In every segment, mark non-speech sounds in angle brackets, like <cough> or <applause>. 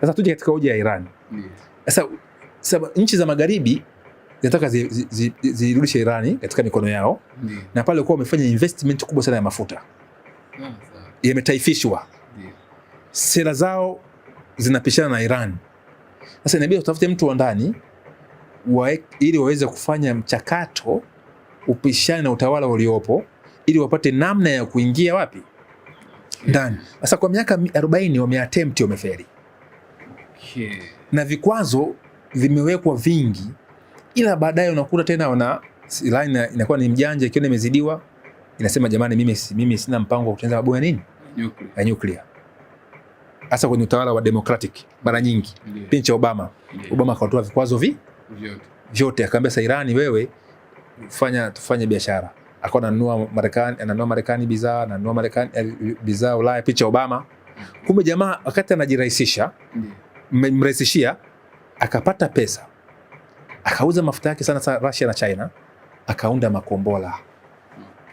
Sasa tuje katika hoja ya Iran. Sasa nchi za magharibi zinataka zirudishe zi, zi, zi Irani katika mikono yao Ndiye. na pale kuwa wamefanya investment kubwa sana ya mafuta yametaifishwa, sera zao zinapishana na Iran. Sasa inabidi utafute mtu wa ndani ili waweze kufanya mchakato upishane na utawala uliopo ili wapate namna ya kuingia wapi ndani. Sasa kwa miaka 40 wameattempt, wamefeli okay. Na vikwazo vimewekwa vingi, ila baadaye unakuta tena wana line inakuwa ni mjanja, ikiona imezidiwa inasema jamani, mimi, mimi sina mpango wa kutengeneza mabomu ya nini ya nuclear, hasa kwenye utawala wa democratic mara nyingi yeah. pinche Obama yeah. Obama akatoa vikwazo vi vyote, vyote akaambia sasa, Irani wewe fanya tufanye biashara akawa ananunua Marekani, ananunua Marekani bidhaa, ananunua Marekani eh, bidhaa Ulaya, picha Obama. Mm. Kumbe jamaa wakati anajirahisisha, yeah mrahisishia akapata pesa, akauza mafuta yake sana sana Russia na China, akaunda makombola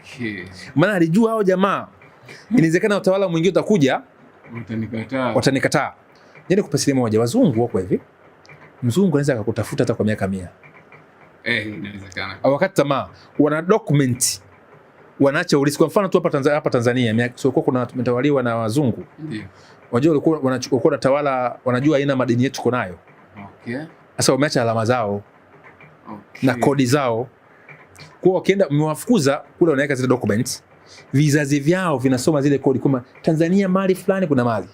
okay. Maana alijua hao jamaa, inawezekana utawala mwingine utakuja, watanikataa, Yaani kupa siri moja, wazungu wako hivi, mzungu anaweza akakutafuta hata kwa miaka mia eh, inawezekana wakati tamaa, wana document wanaacha ulisi. Kwa mfano tu hapa Tanzania, hapa Tanzania, so kuna mtawaliwa na wazungu, ndio Unajua walikuwa wanachukua wanatawala, wanajua aina madini yetu tuko nayo. Okay. Sasa wameacha alama zao. Okay. Na kodi zao. Kwa wakienda mmewafukuza kule wanaweka zile documents. Vizazi vyao vinasoma zile kodi kama Tanzania mali fulani kuna mali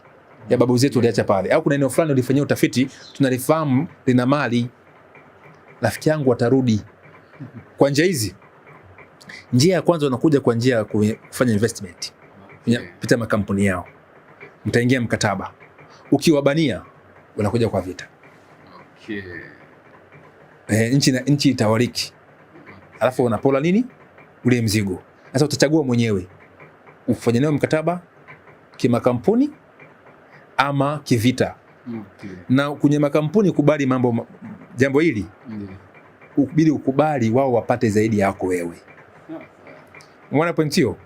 ya babu zetu waliacha pale au kuna eneo fulani ulifanyia utafiti tunalifahamu lina mali. Rafiki yangu watarudi kwa njia hizi. Njia ya kwanza wanakuja kwa njia ya kufanya investment. Kupita makampuni yao mtaingia mkataba. Ukiwabania unakuja kwa vita. Okay. E, nchi na nchi itawariki, alafu unapola nini ule mzigo. Sasa utachagua mwenyewe ufanye nayo mkataba kimakampuni ama kivita. Okay. Na kwenye makampuni kubali mambo jambo hili yeah. Ubidi ukubali wao wapate zaidi yako wewe, umeona pointi hiyo?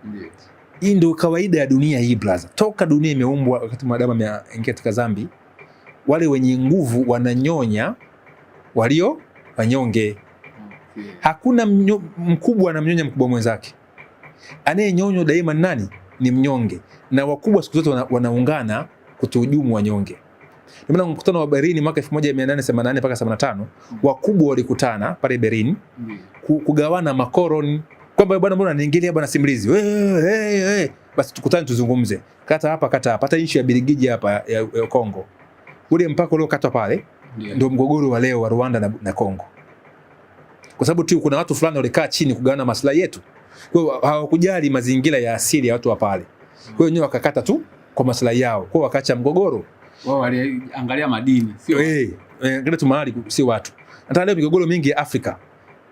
Hii ndio kawaida ya dunia hii brother. Toka dunia imeumbwa, wakati mwanadamu ameingia katika dhambi, wale wenye nguvu wananyonya walio wanyonge. Hakuna mnyo, mkubwa anamnyonya mkubwa mwenzake. Anayenyonywa daima nani? Ni mnyonge. Na wakubwa siku zote wanaungana kutuhujumu wanyonge. Ndio maana mkutano wa Berlin mwaka 1888 mpaka 75 mm. wakubwa walikutana pale Berlin mm. kugawana makoroni kwamba bwana, mbona niingilia bwana simulizi wewe? Hey, hey, basi tukutane tuzungumze, kata hapa kata hapa. Hata nchi ya Birigiji hapa ya, ya Kongo, ule mpaka uliokatwa pale yeah. Ndio mgogoro wa leo wa Rwanda na, na Kongo, kwa sababu tu kuna watu fulani walikaa chini kugawana maslahi yetu, kwa hiyo hawakujali mazingira ya asili ya watu wa pale, kwa hiyo wenyewe wakakata tu kwa maslahi yao, kwa hiyo wakaacha mgogoro wao, waliangalia madini sio eh, hey, angalia tu mahali, si watu. Hata leo migogoro mingi ya Afrika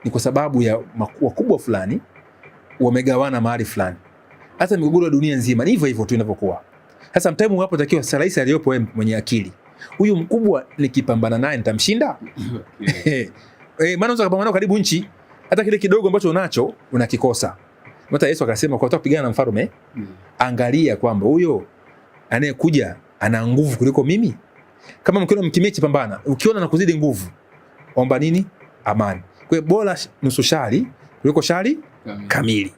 ni kwa sababu ya wakubwa fulani wamegawana mahali fulani. Hata migogoro ya dunia nzima ni hivyo hivyo tu inavyokuwa. Sasa mtaimu wapo takiwa sasa, rais aliyopo wewe mwenye akili, huyu mkubwa nikipambana naye nitamshinda? <laughs> Eh, maana unaweza kupambana karibu nchi, hata kile kidogo ambacho unacho unakikosa. Hata Yesu akasema kwa kutaka kupigana na mfalme, hmm. angalia kwamba huyo anayekuja ana nguvu kuliko mimi. Kama mkiona mkimechi, pambana. Ukiona na kuzidi nguvu, omba nini? Amani. Kwa hiyo bora nusu shari kuliko shari kamili.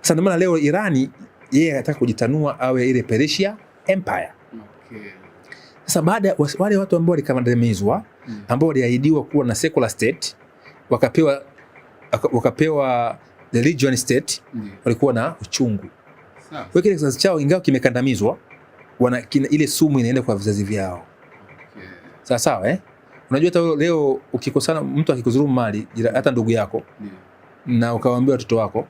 Sasa ndio maana leo Irani yeye anataka kujitanua awe ile Persia Empire. Okay. Sasa baada wale watu ambao walikandamizwa mm. ambao waliahidiwa kuwa na secular state wakapewa wakapewa religion state mm. walikuwa na uchungu sawa. Wewe kizazi chao ingawa kimekandamizwa, wana kina, ile sumu inaenda kwa vizazi vyao okay. Sawa sawa eh? Unajua hata leo ukikosana, mtu akikudhulumu mali hata ndugu yako yeah na ukawaambia watoto wako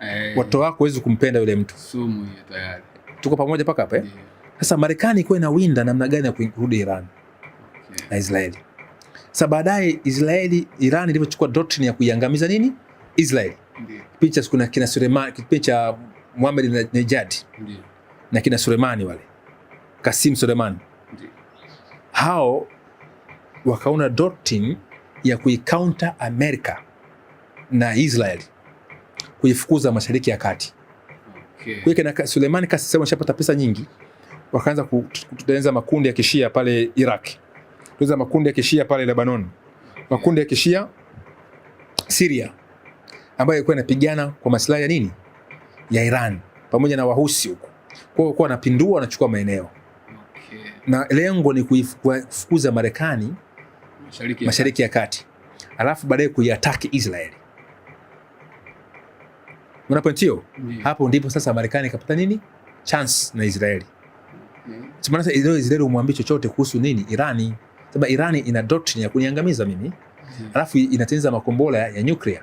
eh, watoto wako huwezi kumpenda yule mtu sumu hiyo tayari. Tuko pamoja mpaka hapa eh? Yeah. Sasa Marekani ikuwa inawinda namna gani ya kurudi Iran okay, na Israeli. Sasa baadaye Israeli, Iran ilivyochukua doctrine ya kuiangamiza nini Israeli yeah. Picha kuna kina Sulemani, kipindi cha Muhammad na Najad yeah. na kina Sulemani wale Kasim suleman yeah. hao wakaona doctrine ya kuicounter America na Israel kuifukuza Mashariki ya Kati. Okay. Kwa hiyo Suleiman kasema ashapata pesa nyingi, wakaanza kutengeneza makundi ya kishia pale Iraq, kutengeneza makundi ya kishia pale Lebanon, makundi ya kishia Syria, ambayo ilikuwa inapigana kwa maslahi ya nini ya Iran pamoja na wahusi huko. Kwa hiyo kwa wanapindua, wanachukua maeneo okay. na lengo ni kuifukuza Marekani Mashariki ya Kati, alafu baadaye kuiataki Israeli. Una point hiyo? Hapo ndipo sasa Marekani ikapata nini? Chance na Israeli. Maana sasa Israeli umwambie chochote kuhusu nini? Irani. Sababu Irani ina doctrine ya kuniangamiza mimi. Alafu inatengeneza makombora ya nuclear.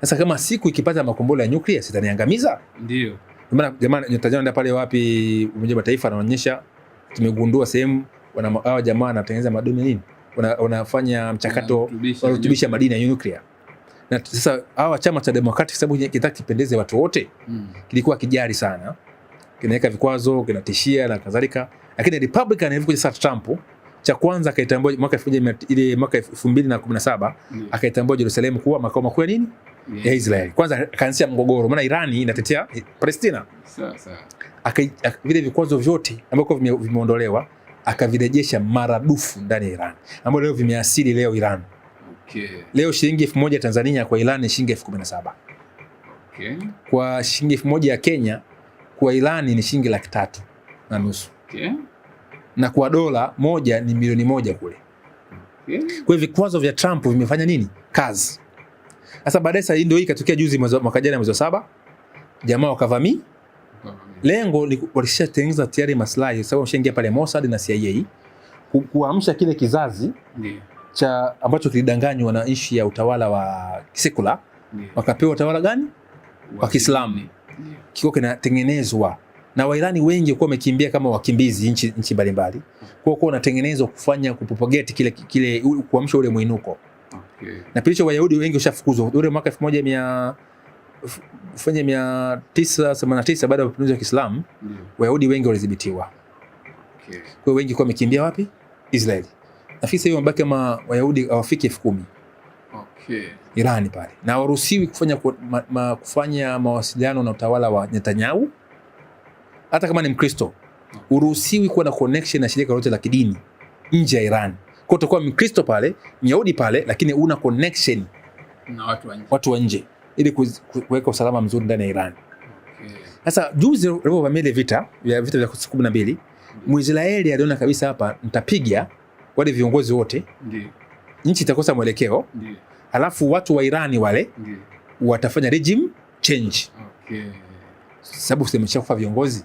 Sasa kama siku ikipata makombora ya nuclear sitaniangamiza? Ndio. Maana jamani, nitajana pale wapi Umoja wa Mataifa anaonyesha tumegundua sehemu wana hawa jamaa wanatengeneza madini nini? Wanafanya mchakato wa kurutubisha madini ya nyuklia na sasa hawa chama cha Democratic sababu kitaki kipendeze watu wote mm. kilikuwa kijari sana, kinaweka vikwazo, kinatishia na kadhalika, lakini Republican ilivyokuja sasa Trump cha kwanza akaitambua mwaka ile mwaka 2017 mm. akaitambua Jerusalemu kuwa makao makuu ya nini mm. ya Israeli. Kwanza akaanzisha mgogoro, maana Irani inatetea Palestina. Vile vikwazo vyote ambavyo vimeondolewa akavirejesha maradufu ndani ya Iran, ambavyo leo vimeasili leo Iran Okay. Leo shilingi elfu moja Tanzania kwa Iran ni shilingi elfu kumi na saba. Okay. Kwa shilingi elfu moja ya Kenya kwa Iran ni shilingi laki tatu na nusu. Okay. Na kwa dola moja ni milioni moja kule. Okay. Kwa hivyo vikwazo vya Trump vimefanya nini? Kazi. Sasa baadaye sasa ndio hii ikatokea juzi mwaka jana mwezi wa saba. Jamaa wakavami. Lengo ni walishatengeneza tayari maslahi sababu washaingia pale Mossad na CIA kuamsha kile kizazi. Ndiyo cha ambacho kilidanganywa na nchi ya utawala wa kisekula yeah. Wakapewa utawala gani wa Kiislamu yeah. Kiko kinatengenezwa na Wairani wengi walikuwa wamekimbia kama wakimbizi nchi nchi mbalimbali, kwa kuwa unatengenezwa kufanya kupropagate kile kile kuamsha ule mwinuko okay. Na pia Wayahudi wengi washafukuzwa ule mwaka 1000 fanya mia tisa themanini na tisa baada ya mapinduzi ya Kiislamu yeah. Wayahudi wengi walidhibitiwa okay. Kwa wengi kwa wamekimbia wapi? Israeli. Nafikiri sasa hivi mabaki ma Wayahudi hawafiki elfu kumi okay. Irani pale na waruhusiwi kufanya, ma, ma, kufanya mawasiliano na utawala wa Netanyahu hata kama ni Mkristo uruhusiwi kuwa na connection na shirika lolote la kidini nje ya Iran. Kwa utakuwa Mkristo pale, Myahudi pale, lakini una connection na watu wa nje, watu wa nje ili kuweka usalama mzuri ndani ya Iran. Sasa okay. Juzi walipovamia vita vya vita vya 12 Mwisraeli aliona kabisa hapa nitapiga wale viongozi wote, ndio nchi itakosa mwelekeo, ndio alafu watu wa Irani wale ndio watafanya regime change, okay sababu simeshakufa viongozi,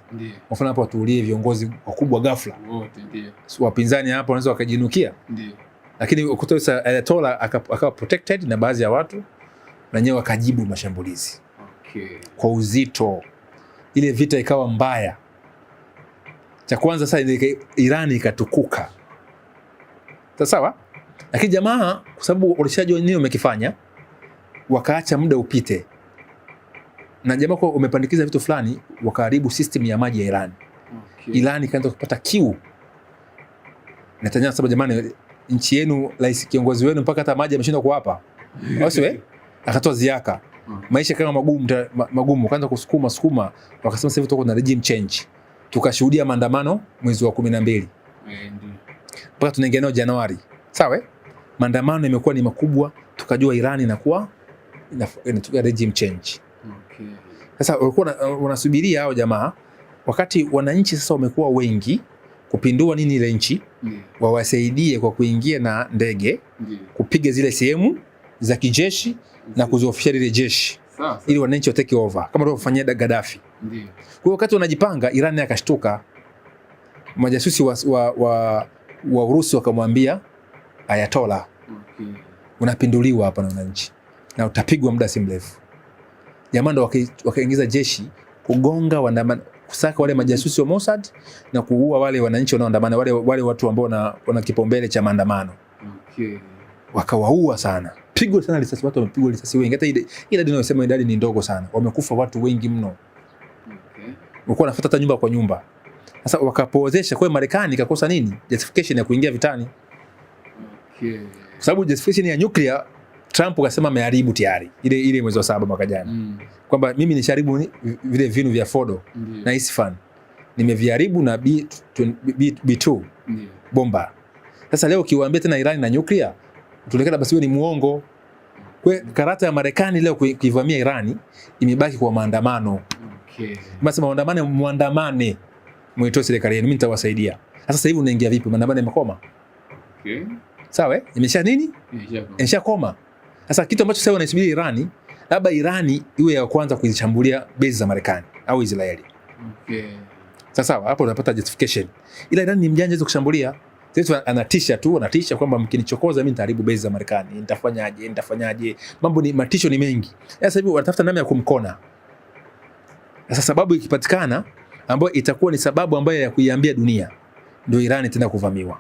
mfano hapo watuulie viongozi wakubwa ghafla wote, ndio wapinzani hapo wanaweza wakajinukia, ndio lakini ukuta sasa Ayatola eh, akawa protected na baadhi ya watu na nyewe wakajibu mashambulizi okay, kwa uzito, ile vita ikawa mbaya. Cha kwanza sasa Irani ikatukuka sawa, lakini jamaa kwa sababu ulishajua nini umekifanya, wakaacha muda upite, na jamaa kwa umepandikiza vitu fulani, wakaharibu system ya maji ya Iran. Okay. Iran ikaanza kupata kiu. Netanyahu sababu, jamani, nchi yenu rais kiongozi wenu mpaka hata maji ameshindwa kuwapa, basi <laughs> wewe akatoa ziaka hmm. maisha kama magumu magumu, kaanza kusukuma sukuma, wakasema sasa hivi tuko na regime change. Tukashuhudia maandamano mwezi wa kumi na mbili eh, mpaka tunaingia Januari, sawa eh? Maandamano yamekuwa ni makubwa, tukajua Iran inakuwa inataka regime change. Okay. Sasa walikuwa wanasubiria hao jamaa, wakati wananchi sasa wamekuwa wengi kupindua nini ile nchi yeah. Wawasaidie kwa kuingia na ndege yeah. Kupiga zile sehemu za kijeshi yeah. Na kuzoofisha lile jeshi Sasa. Ili wananchi wa take over kama walivyofanyia Gaddafi Ndio. Kwa hiyo wakati wanajipanga, Iran akashtuka, majasusi wa, wa, wa wa urusi wakamwambia Ayatola, okay. unapinduliwa hapa na wananchi na utapigwa muda si mrefu. Jamaa ndo wakaingiza jeshi kugonga waandamana, kusaka wale majasusi wa Mossad na kuua wale wananchi wanaoandamana, wale, wale watu ambao wana kipaumbele cha maandamano okay. Wakawaua sana, pigwa sana risasi, watu wamepigwa risasi wengi. Hata ile idadi inayosema idadi ni ndogo sana, wamekufa watu wengi mno okay. Walikuwa wanafuata hata nyumba kwa nyumba sasa wakapowezesha kwa Marekani ikakosa nini? Justification ya kuingia vitani. Okay. Kwa sababu justification ya nuclear Trump akasema ameharibu tayari ile ile mwezi wa saba mwaka jana. Mm. Kwamba mimi nisharibu ni, vile vinu vya Fordo mm. na Isfahan. Nimeviharibu na B, 2 B, B2 mm. bomba. Sasa leo kiwaambia tena Iran na nuclear tunaonekana basi wewe ni muongo. Kwa karata ya Marekani leo kuivamia Irani imebaki kwa maandamano. Okay. Masema maandamano muandamane Mm mwitoe serikali yenu, mimi nitawasaidia. Sasa sasa hivi unaingia vipi? Maandamano yamekoma. Okay. Sawa eh? Imesha nini? Imesha koma. Sasa kitu ambacho sasa wanaisubiri Irani, labda Irani iwe ya kwanza kuzishambulia base za Marekani au Israeli. Okay. Sasa sawa, hapo unapata justification. Ila Irani ni mjanja hizo kushambulia. Sasa anatisha tu, anatisha kwamba mkinichokoza mimi nitaharibu base za Marekani. Nitafanyaje? Nitafanyaje? Mambo ni matisho ni mengi. Sasa hivi wanatafuta namna ya kumkona. Sasa sababu ikipatikana ambayo itakuwa ni sababu ambayo ya kuiambia dunia ndio Irani tena kuvamiwa.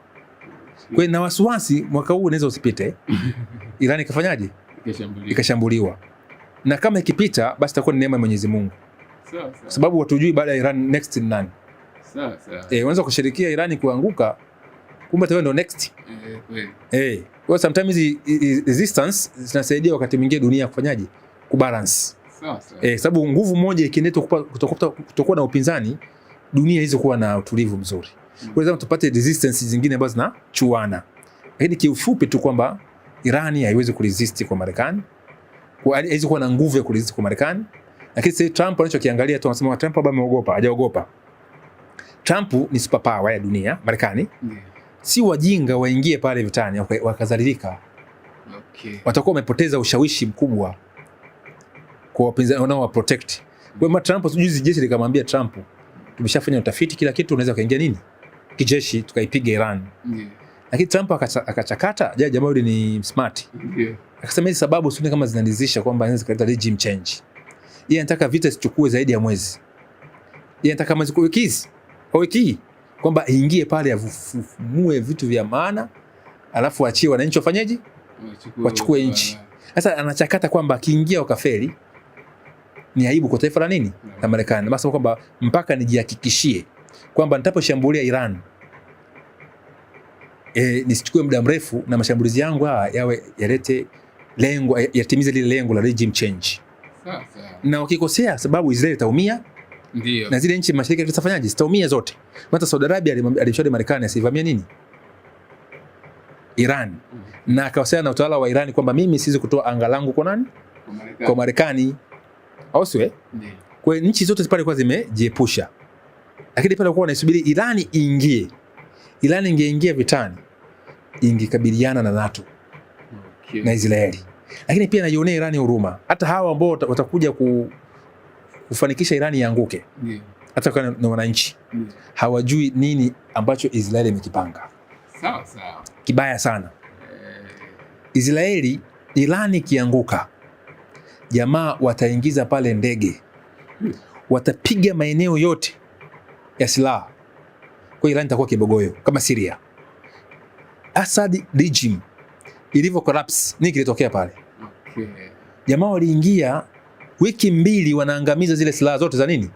Kwa hiyo na wasiwasi mwaka huu unaweza usipite. <laughs> Irani ikafanyaje? Ikashambuliwa. Na kama ikipita basi itakuwa ni neema ya Mwenyezi Mungu. Sawa sawa. Sababu hatujui baada ya Iran next ni nani. Sawa sawa. Eh, unaweza kushirikia Irani kuanguka kumbe tawe ndo next. Eh, kweli. Eh. eh, kwa sometimes resistance zinasaidia wakati mwingine dunia kufanyaje? Kubalance eh, sababu nguvu moja ikiendetwa kutokuwa na upinzani, dunia hizo kuwa na utulivu mzuri mm. kwa tupate resistance zingine ambazo zinachuana, lakini kiufupi tu kwamba Iran haiwezi kuresist kwa Marekani, haiwezi kuwa na nguvu ya kuresist kwa Marekani. Lakini sasa Trump anachokiangalia tu anasema Trump baba ameogopa, hajaogopa. Trump ni superpower ya dunia, Marekani yeah. Hmm. si wajinga waingie pale vitani wakazalilika, okay. watakuwa wamepoteza ushawishi mkubwa kwa wapinzani wanao wa protect. Kwa hiyo Trump juzi jeshi likamwambia Trump, tumeshafanya utafiti kila kitu, unaweza kaingia nini kijeshi tukaipiga Iran yeah. Lakini Trump akachakata jaji ambayo ni smart yeah. Akasema hizi sababu sio kama zinalizisha kwamba inaweza kuleta regime change. Yeye anataka vita sichukue zaidi ya mwezi. Yeye anataka mwezi kwa wiki kwa wiki kwamba ingie pale avumue vitu vya maana alafu achie wananchi wafanyeje, wachukue nchi. Sasa anachakata kwamba akiingia wakafeli ni aibu kwa taifa la nini la Marekani. Basi kwamba mpaka nijihakikishie kwamba nitaposhambulia Iran e, nisichukue muda mrefu na mashambulizi yangu haya yawe yalete lengo yatimize lile lengo la regime change. Sasa na wakikosea, sababu Israeli itaumia Ndiyo. Na zile nchi mashariki zitafanyaje? Zitaumia zote. Hata Saudi Arabia alishauri Marekani asivamie nini? Iran. Mm -hmm. Na akawasiliana na utawala wa Iran kwamba mimi siwezi kutoa anga langu kwa nani? Kwa Marekani au sio? Eh? Kwa nchi zote pale kwa zimejiepusha, lakini pale kwa wanasubiri Irani iingie. Irani ingeingia vitani, ingekabiliana na NATO okay, na Israeli, lakini pia naionea Irani huruma, hata hawa ambao watakuja ku, kufanikisha Irani ianguke hata kwa na wananchi hawajui nini ambacho Israeli imekipanga. Sawa sawa, kibaya sana eh. Israeli. Irani ikianguka jamaa wataingiza pale ndege, watapiga maeneo yote ya silaha kwa Iran, itakuwa kibogoyo kama Syria. Assad regime ilivyo collapse, nini kilitokea pale? Jamaa waliingia wiki mbili, wanaangamiza zile silaha zote za nini,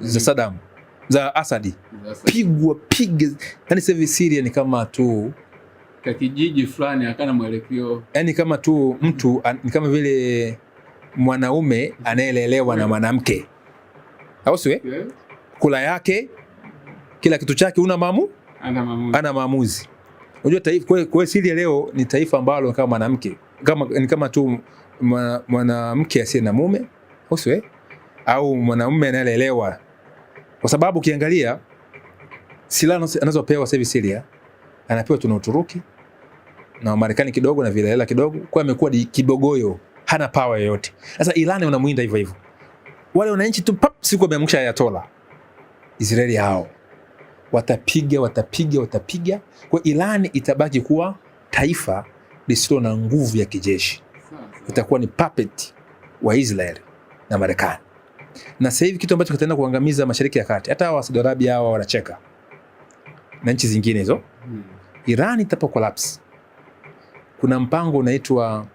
za mm. Saddam za Assad, pigwa piga. Yani sasa hivi Syria ni kama tu kakijiji fulani, hakana mwelekeo, yani kama tu mtu ni kama vile mwanaume anayelelewa na mwanamke, au siwe? Kula yake kila kitu chake, una mamu ana maamuzi, ana maamuzi. Unajua taifa kwa kwa siri leo ni taifa ambalo kama mwanamke kama ni kama tu mwanamke asiye na mume, au siwe? Au mwanaume anayelelewa, kwa sababu ukiangalia silaha anazopewa sasa hivi Syria anapewa tuna Uturuki na Marekani kidogo na Vilahela kidogo, kwa amekuwa kibogoyo hana power yoyote. Sasa Iran unamwinda hivyo hivyo, wale wananchi tu pap, siku wameamsha Ayatollah Israeli, hao watapiga watapiga watapiga. Kwa Iran itabaki kuwa taifa lisilo na nguvu ya kijeshi, itakuwa ni puppet wa Israel na Marekani. Na sasa hivi kitu ambacho kitaenda kuangamiza Mashariki ya Kati, hata wa Saudi Arabia hawa wanacheka na nchi zingine hizo. Hmm. Iran itapo collapse. Kuna mpango unaitwa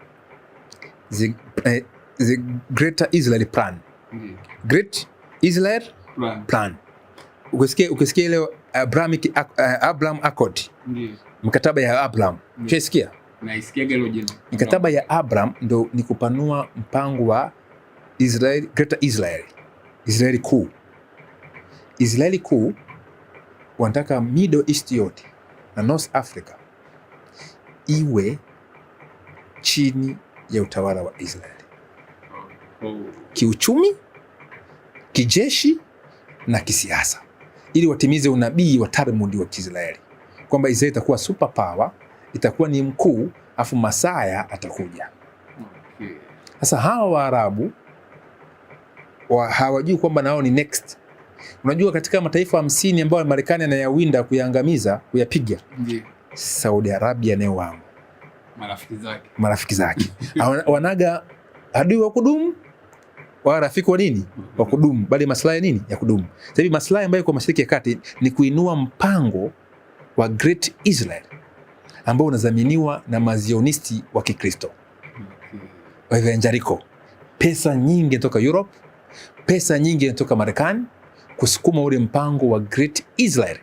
the, uh, the Greater Israel Plan. Ndiyo. Great Israel Plan. Plan. Ukisikia ukisikia ile Abrahamic uh, Abraham Accord. Ndiyo. Mkataba ya Abraham. chesikia Naisikiaga hilo jina. Mkataba ya Abraham ndo ni kupanua mpango wa Israel, Greater Israel. Israeli kuu. Israeli kuu wanataka Middle East yote na North Africa iwe chini ya utawala wa Israeli oh. kiuchumi, kijeshi na kisiasa, ili watimize unabii wa Talmud wa Kiisraeli kwamba Israeli itakuwa super power, itakuwa ni mkuu, afu Masaya atakuja. Sasa hawa Waarabu hawajui kwamba nao ni next. Unajua, katika mataifa hamsini ambayo Marekani anayawinda, kuyangamiza, kuyapiga, Saudi Arabia nayo wamo marafiki zake, marafiki zake. <laughs> wanaga adui wa kudumu wa rafiki wa nini wa kudumu, bali maslahi nini ya kudumu. Sasa hivi maslahi ambayo kwa Mashariki ya Kati ni kuinua mpango wa Great Israel ambao unadhaminiwa na mazionisti wa Kikristo evangeliko. Pesa nyingi kutoka Europe, pesa nyingi kutoka Marekani kusukuma ule mpango wa Great Israel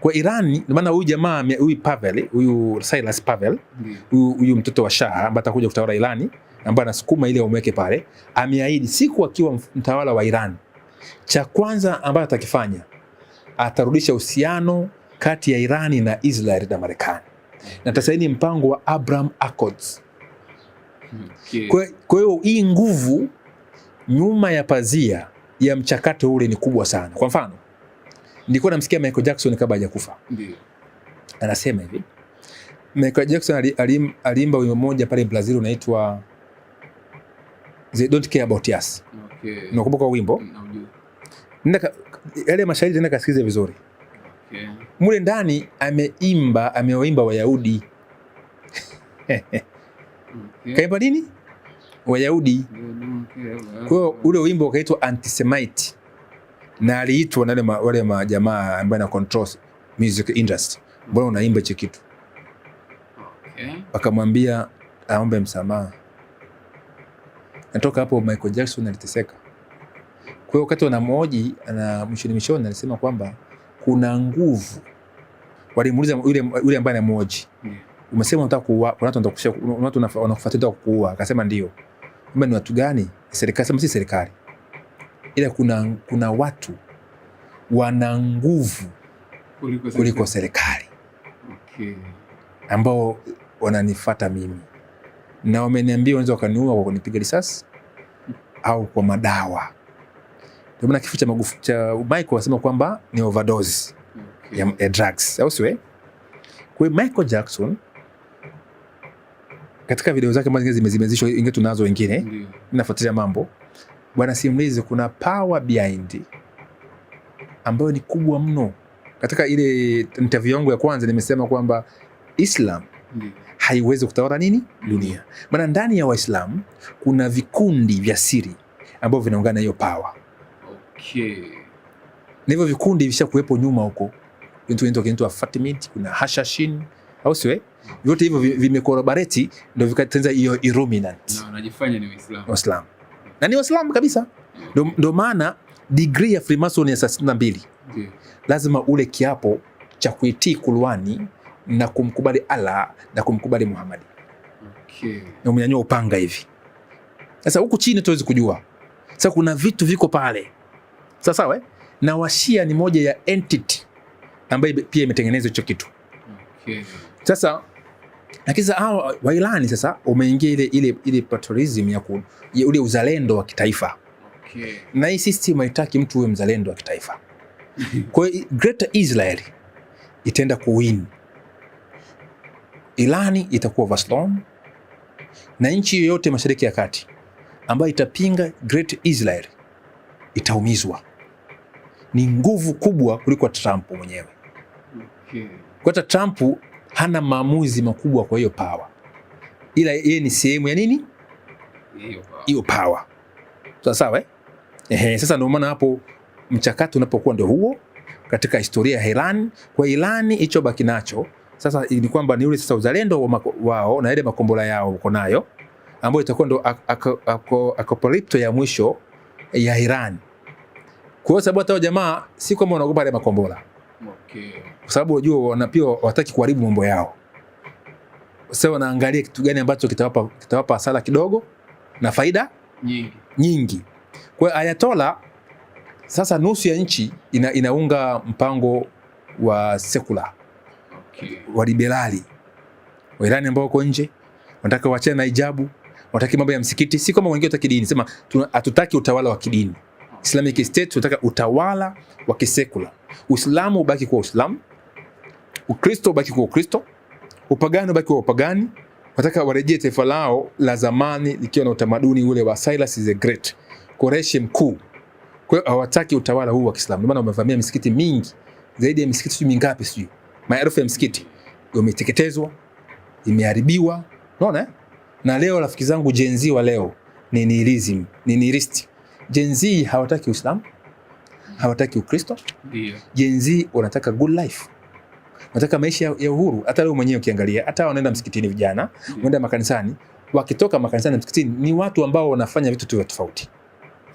kwa iran maana huyu jamaa huyu Pavel huyu Silas Pavel huyu mtoto wa Shah ambaye atakuja kutawala Irani, ambaye anasukuma ile umweke pale, ameahidi siku akiwa mtawala wa iran cha kwanza ambaye atakifanya atarudisha uhusiano kati ya Irani na Israel na Marekani, na tasaini mpango wa Abraham Accords. Okay. Kwa hiyo hii nguvu nyuma ya pazia ya mchakato ule ni kubwa sana. Kwa mfano nilikuwa namsikia Michael Jackson kabla hajakufa, ndio anasema hivi. Michael Jackson aliimba ali, ali wimbo mmoja pale Brazil unaitwa They Don't Care About Us. Okay. Nakumbuka wimbo. Nenda yale mashairi tena kasikize vizuri. Okay. Mule ndani ameimba amewaimba Wayahudi. Okay. Kaimba nini? Wayahudi. Kwa ule wimbo ukaitwa Antisemite na aliitwa na wale majamaa ambaye na control music industry, mbona unaimba hicho kitu? Okay. Akamwambia aombe msamaha. Natoka hapo Michael Jackson aliteseka. Kwa hiyo wakati wanamhoji na mshoni mshoni alisema kwamba kuna nguvu. Walimuuliza yule yule ambaye anamhoji. Yeah. Umesema unataka kuua, kuna watu wanakufuatilia kuua. Akasema ndio. Mbona ni watu gani? Serikali, sema si serikali ila kuna, kuna watu wana nguvu kuliko serikali okay, ambao wananifata mimi na wameniambia wanaweza wakaniua kwa kunipiga risasi au kwa madawa. Ndio maana kifo cha magufu cha Michael wasema kwamba ni overdose okay, ya, ya drugs au siwe? Eh? Kwa hiyo Michael Jackson katika video zake ambazo zimezimezishwa, inge tunazo wengine, mimi nafuatilia mambo bwana simulizi, kuna power behind ambayo ni kubwa mno. Katika ile interview yangu ya kwanza nimesema kwamba Islam haiwezi kutawala nini dunia, maana ndani ya Waislamu kuna vikundi vya siri ambavyo vinaungana na hiyo power okay. na hivyo vikundi visha kuwepo nyuma huko, kuna Fatimid, kuna Hashashin au siwe eh? mm. vyote hivyo vimekorobareti, ndio vikatenza hiyo Iluminati, wanajifanya ni Waislamu na ni Waislamu kabisa. Ndio maana degree ya Freemason ya thelathini na mbili. Lazima ule kiapo cha kuitii Qur'ani na kumkubali Allah na kumkubali Muhammad. Okay. Na umenyanyua upanga hivi. Sasa huku chini tuwezi kujua. Sasa kuna vitu viko pale. Sasa sawa eh? Na washia ni moja ya entity ambayo pia imetengenezwa hicho kitu. Okay. Sasa lakini sasa hawa wa sasa umeingia ile, ile, ile patriotism ya ku, ule uzalendo wa kitaifa okay. Na hii system haitaki mtu uwe mzalendo wa kitaifa <laughs> kwa hiyo Greater Israel itaenda kuwin, Irani itakuwa Vaslon na nchi yoyote Mashariki ya Kati ambayo itapinga Great Israel itaumizwa. Ni nguvu kubwa kuliko Trump mwenyewe okay. Kwa hata Trump hana maamuzi makubwa kwa hiyo pawa, ila yeye ni sehemu ya nini hiyo pawa, sawa sawa eh? Ehe, sasa ndio maana hapo mchakato unapokuwa ndio huo katika historia ya Iran. Kwa Iran baki nacho sasa ni kwamba ni ule sasa uzalendo wa mako, wao na ile makombora yao uko nayo ambayo itakuwa ndo apokalipto ya mwisho ya Iran. Kwa sababu hata jamaa si kama wanaogopa ile makombora okay kwa sababu wajua wana pia wataki kuharibu mambo yao. Sasa wanaangalia kitu gani ambacho kitawapa kitawapa hasara kidogo na faida nyingi nyingi. Kwa Ayatola sasa nusu ya nchi ina, inaunga mpango wa sekula okay, wa liberali wa Irani ambao uko nje wanataka waachane na hijabu, wanataka mambo ya msikiti, si kama wengine wataka dini. Sema hatutaki utawala wa kidini Islamic State, tunataka utawala wa kisekula. Uislamu ubaki kuwa Uislamu, Ukristo ubaki kwa Ukristo, upagani ubaki kwa upagani. Wataka warejee taifa lao la zamani likiwa na utamaduni ule wa Cyrus the Great, Koreshi mkuu. Kwa hiyo hawataki utawala huu wa Kiislamu, maana wamevamia misikiti mingi, zaidi ya misikiti sijui mingapi, sijui maelfu ya misikiti imeteketezwa, imeharibiwa. Unaona, eh? na leo rafiki zangu Gen Z wa leo ni nihilism, ni nihilist. Gen Z hawataki Uislamu, hawataki Ukristo. Ndio Gen Z wanataka good life Nataka maisha ya uhuru. Hata leo mwenyewe ukiangalia, hata wanaenda msikitini vijana, mm. wanaenda makanisani, wakitoka makanisani na msikitini ni watu ambao wanafanya vitu tofauti tofauti.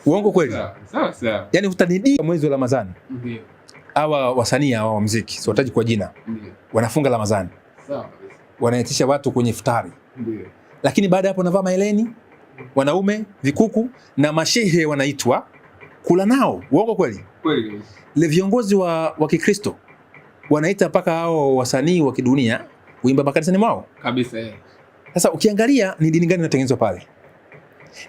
Uongo kweli? Sawa sawa. Yani utanidi mwezi wa Ramadhani. Ndio. Hawa wasanii hawa wa muziki, siwataji kwa jina. Ndio. Wanafunga Ramadhani. Sawa. Wanaitisha watu kwenye iftari. Lakini baada hapo wanavaa maeleni, wanaume vikuku na mashehe wanaitwa kula nao. Uongo kweli? Kweli. Le viongozi wa wa Kikristo wanaita mpaka hao wasanii wa kidunia kuimba makanisani mwao kabisa. Eh. Sasa ukiangalia ni dini gani inatengenezwa pale,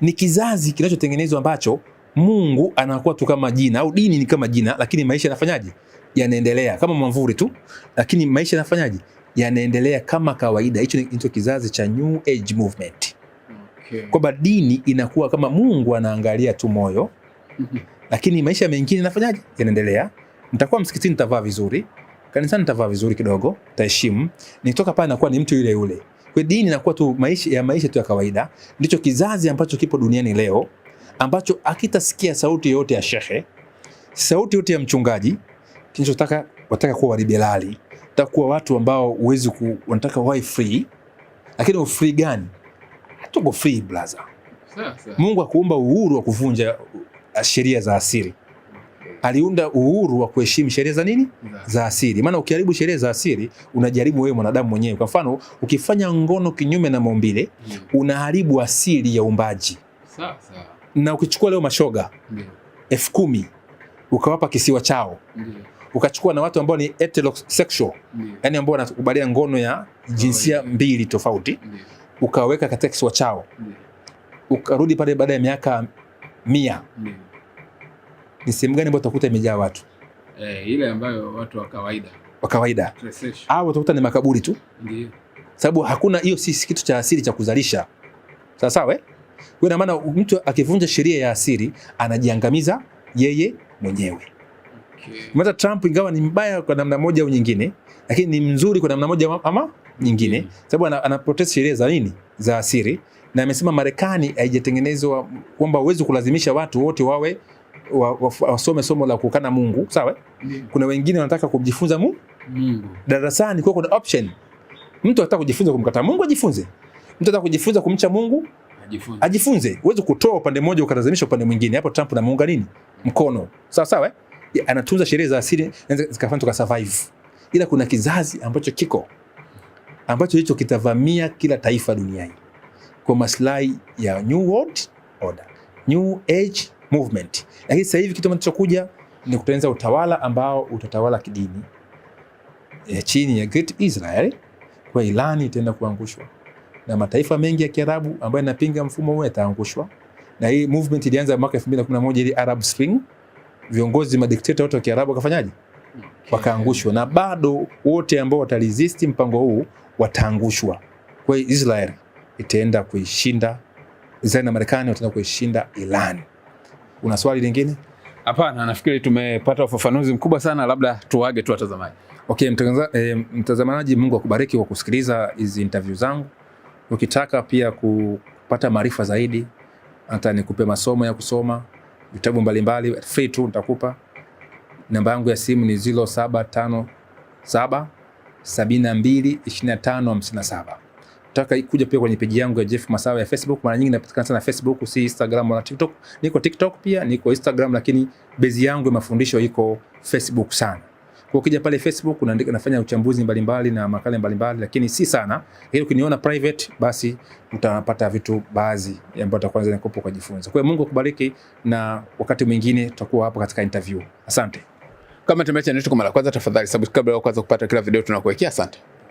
ni kizazi kinachotengenezwa ambacho Mungu anakuwa tu kama jina au dini ni kama jina, lakini maisha yanafanyaje? Yanaendelea kama mwamvuri tu, lakini maisha yanafanyaje? Yanaendelea kama kawaida. Hicho ndicho kizazi cha New Age movement, okay. Kwamba dini inakuwa kama Mungu anaangalia tu moyo, <laughs> lakini maisha mengine yanafanyaje? Yanaendelea. Nitakuwa msikitini, nitavaa vizuri kanisani nitavaa vizuri kidogo, taheshimu, nitoka pale nakuwa ni mtu yule yule. Kwa dini inakuwa tu maisha ya maisha tu ya kawaida. Ndicho kizazi ambacho kipo duniani leo ambacho akitasikia sauti yote ya shehe, sauti yote ya mchungaji, kinachotaka wataka kuwa liberali, takuwa watu ambao uwezi ku, wanataka wawe free. Lakini free gani? Hatuko free brother. Mungu akuumba uhuru wa kuvunja sheria za asili aliunda uhuru wa kuheshimu sheria za nini za asili. Maana ukiharibu sheria za asili unajaribu wewe mwanadamu mwenyewe. Kwa mfano, ukifanya ngono kinyume na maumbile unaharibu asili ya umbaji Na ukichukua leo mashoga elfu kumi ukawapa kisiwa chao ukachukua na watu ambao ni heterosexual yani ambao wanakubalia ngono ya jinsia mbili tofauti ukaweka katika kisiwa chao, ukarudi pale baada ya miaka mia ni sehemu gani ambayo utakuta imejaa watu? Eh, ile ambayo watu wa kawaida wa kawaida au utakuta ni makaburi tu, ndio sababu hakuna hiyo, si kitu cha asili cha kuzalisha. Sawa sawa, eh, kwa ina maana mtu akivunja sheria ya asili anajiangamiza yeye mwenyewe. Okay. Mata Trump ingawa ni mbaya kwa namna moja au nyingine, lakini ni mzuri kwa namna moja ama nyingine mm. Sababu ana, ana protest sheria za nini za asili, na amesema Marekani haijatengenezwa kwamba huwezi kulazimisha watu wote wawe wasome wa, wa somo la kukana Mungu, sawa. Kuna wengine wanataka kujifunza Mungu, Mungu. Darasani kwa kuna option, mtu anataka kujifunza kumkata Mungu ajifunze, mtu anataka kujifunza kumcha Mungu ajifunze, ajifunze. Uweze kutoa upande mmoja ukatazamisha upande mwingine. Hapo Trump na muunga nini mkono, sawa sawa, eh? anatunza sheria za asili zikafanya tuka survive ila kuna kizazi ambacho kiko ambacho hicho kitavamia kila taifa duniani kwa maslahi ya New World Order, New Age movement. Lakini sasa hivi kitu kinachokuja ni kutengeneza utawala ambao utatawala kidini e, chini ya Great Israel, kwa ilani itaenda kuangushwa na mataifa mengi ya Kiarabu ambayo yanapinga mfumo huo yataangushwa. Na hii movement ilianza mwaka 2011 ile Arab Spring, viongozi madikteta wote wa Kiarabu wakafanyaje? Okay. Wakaangushwa, na bado wote ambao wataresist mpango huu wataangushwa. Kwa hiyo Israel itaenda kuishinda, Israel na Marekani wataenda kuishinda Irani. Una swali lingine? Hapana, nafikiri tumepata ufafanuzi mkubwa sana, labda tuage tu watazamaji. Okay, eh, mtazamaji, Mungu akubariki kwa kusikiliza hizi interview zangu. Ukitaka pia kupata maarifa zaidi, hata nikupe masomo ya kusoma vitabu mbalimbali free tu nitakupa. Namba yangu ya simu ni 0757 722557 taka ikuja pia kwenye peji yangu ya Jeff Masawe ya Facebook. Mara nyingi napatikana sana Facebook, si Instagram wala TikTok. Niko TikTok pia, niko Instagram, lakini bezi yangu ya mafundisho iko Facebook sana. Kwa ukija pale Facebook unaandika, nafanya uchambuzi mbalimbali mbali na makala mbalimbali, lakini si sana. Ili kuniona private, basi mtapata vitu baadhi ambavyo tutakuanza nikupo kwa kujifunza. Kwa hiyo Mungu akubariki, na wakati mwingine tutakuwa hapo katika interview. Asante. Kama tumeacha neno kwa mara kwanza, tafadhali subscribe ili uanze kupata kila video tunakuwekea. Asante.